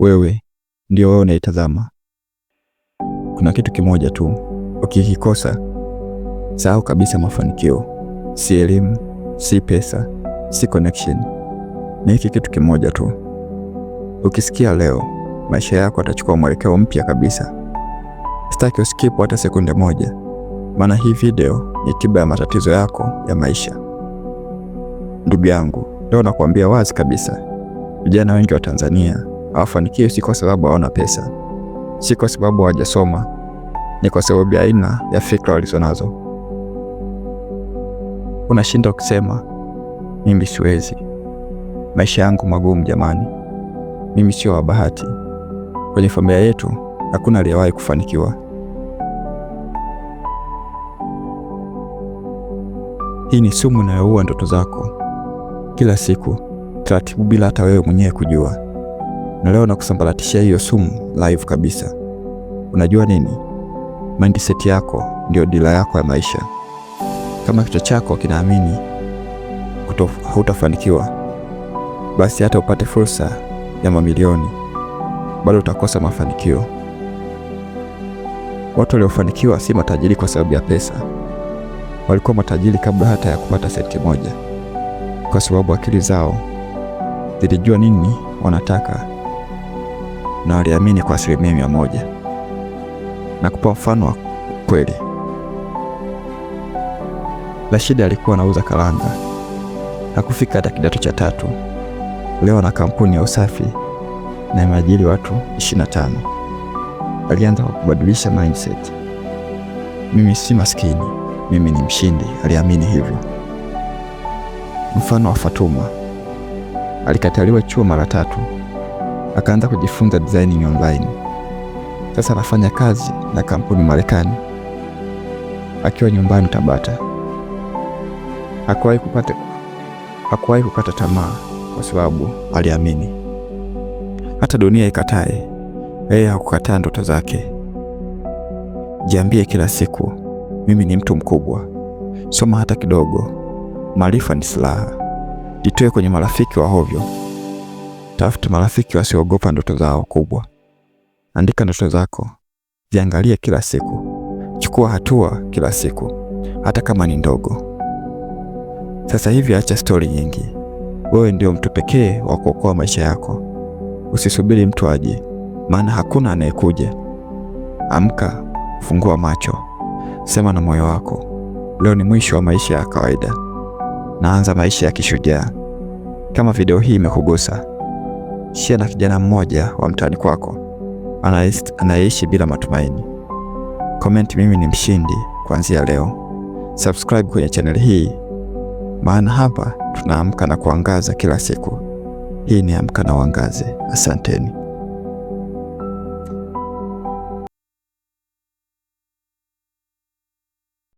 wewe ndio wewe unaitazama. Kuna kitu kimoja tu ukikikosa, sahau kabisa mafanikio. Si elimu, si pesa, si connection, ni hiki kitu kimoja tu. Ukisikia leo, maisha yako atachukua mwelekeo mpya kabisa. Sitaki uskip hata sekunde moja, maana hii video ni tiba ya matatizo yako ya maisha. Ndugu yangu, leo nakuambia wazi kabisa, vijana wengi wa Tanzania hawafanikiwi si kwa sababu hawana pesa, si kwa sababu hawajasoma, ni kwa sababu ya aina ya fikra walizonazo. Unashinda kusema mimi siwezi, maisha yangu magumu. Jamani, mimi sio wa bahati. Kwenye familia yetu hakuna aliyewahi kufanikiwa. Hii ni sumu inayoua ndoto zako kila siku taratibu, bila hata wewe mwenyewe kujua na leo nakusambaratishia hiyo sumu live kabisa. Unajua nini? Mindset yako ndio dila yako ya maisha. Kama kichwa chako kinaamini hautafanikiwa, basi hata upate fursa ya mamilioni bado utakosa mafanikio. Watu waliofanikiwa si matajiri kwa sababu ya pesa, walikuwa matajiri kabla hata ya kupata senti moja, kwa sababu akili zao zilijua nini wanataka na waliamini kwa asilimia mia moja. Na kupa mfano wa kweli, Rashidi alikuwa anauza karanga, hakufika hata kidato cha tatu. Leo ana kampuni ya usafi na imeajiri watu 25. Alianza kwa kubadilisha mindset. Mimi si maskini, mimi ni mshindi. Aliamini hivyo. Mfano wa Fatuma alikataliwa chuo mara tatu akaanza kujifunza designing online. Sasa anafanya kazi na kampuni Marekani akiwa nyumbani Tabata. Hakuwahi kupata hakuwahi kupata tamaa kwa sababu aliamini hata dunia ikatae, yeye hakukataa ndoto zake. Jiambie kila siku, mimi ni mtu mkubwa. Soma hata kidogo, maarifa ni silaha. Jitoe kwenye marafiki wa hovyo. Tafuta marafiki wasiogopa ndoto zao kubwa. Andika ndoto zako, ziangalie kila siku, chukua hatua kila siku, hata kama ni ndogo. Sasa hivi acha stori nyingi. Wewe ndio mtu pekee wa kuokoa maisha yako. Usisubiri mtu aje, maana hakuna anayekuja. Amka, fungua macho, sema na moyo wako, leo ni mwisho wa maisha ya kawaida, naanza maisha ya kishujaa. Kama video hii imekugusa shia na kijana mmoja wa mtaani kwako anayeishi bila matumaini. Komenti mimi ni mshindi kuanzia leo. Subscribe kwenye chaneli hii, maana hapa tunaamka na kuangaza kila siku. Hii ni Amka na Uangaze. Asanteni.